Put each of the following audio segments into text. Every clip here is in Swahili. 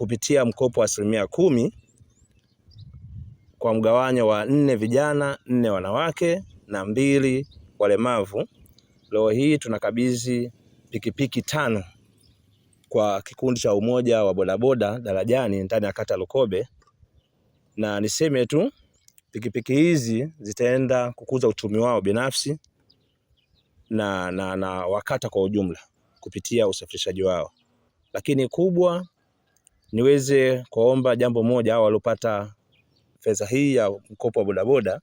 kupitia mkopo wa asilimia kumi kwa mgawanyo wa nne vijana, nne wanawake na mbili walemavu. Leo hii tunakabidhi pikipiki tano kwa kikundi cha umoja wa bodaboda Darajani ndani ya kata Lukobe, na niseme tu pikipiki hizi zitaenda kukuza uchumi wao binafsi na, na, na wakata kwa ujumla kupitia usafirishaji wao, lakini kubwa niweze kuwaomba jambo moja hao waliopata fedha hii ya mkopo wa bodaboda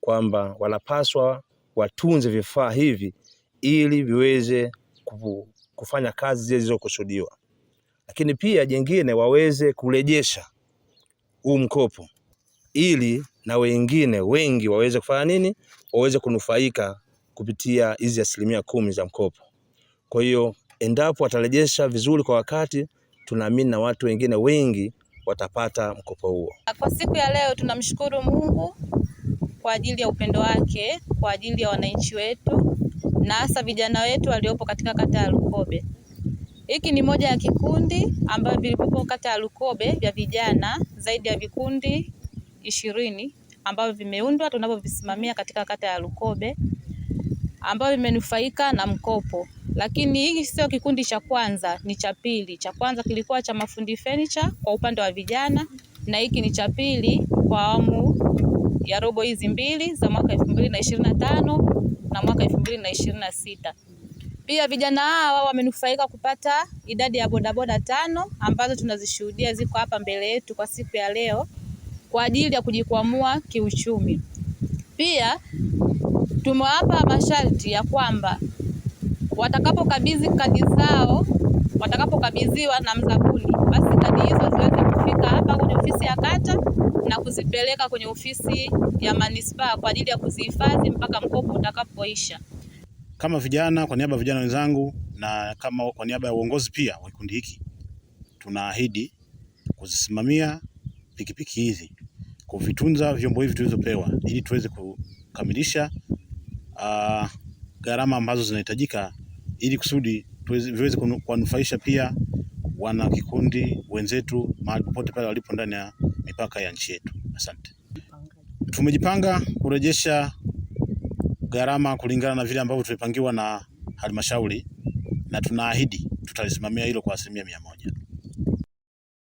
kwamba wanapaswa watunze vifaa hivi ili viweze kufanya kazi zile zilizokusudiwa, lakini pia jengine waweze kurejesha huu mkopo ili na wengine wengi waweze kufanya nini, waweze kunufaika kupitia hizi asilimia kumi za mkopo. Kwa hiyo endapo watarejesha vizuri kwa wakati tunaamini na watu wengine wengi watapata mkopo huo. Kwa siku ya leo tunamshukuru Mungu kwa ajili ya upendo wake kwa ajili ya wananchi wetu na hasa vijana wetu waliopo katika kata ya Lukobe. Hiki ni moja ya kikundi ambayo vilipopo kata ya Lukobe vya vijana zaidi ya vikundi ishirini ambavyo vimeundwa tunavyovisimamia katika kata ya Lukobe ambavyo vimenufaika na mkopo lakini hiki sio kikundi cha kwanza, ni cha pili. Cha kwanza kilikuwa cha mafundi furniture kwa upande wa vijana, na hiki ni cha pili kwa awamu ya robo hizi mbili za mwaka elfu mbili na na tano na mwaka elfu mbili na na sita. Pia vijana hawa wamenufaika kupata idadi ya bodaboda tano ambazo tunazishuhudia ziko hapa mbele yetu kwa siku ya leo kwa ajili ya kujikwamua kiuchumi. Pia tumewapa masharti ya kwamba watakapokabidhi kadi zao, watakapokabidhiwa na mzabuni, basi kadi hizo ziweze kufika hapa kwenye ofisi ya kata na kuzipeleka kwenye ofisi ya manispaa kwa ajili ya kuzihifadhi mpaka mkopo utakapoisha. Kama vijana, kwa niaba ya vijana wenzangu na kama kwa niaba ya uongozi pia wa kikundi hiki, tunaahidi kuzisimamia pikipiki hizi, kuvitunza vyombo hivi tulivyopewa, ili tuweze kukamilisha uh, gharama ambazo zinahitajika ili kusudi viweze kuwanufaisha pia wana kikundi wenzetu mahali popote pale walipo ndani ya mipaka ya nchi yetu. Asante. Tumejipanga kurejesha gharama kulingana na vile ambavyo tumepangiwa na halmashauri na tunaahidi tutalisimamia hilo kwa asilimia mia moja.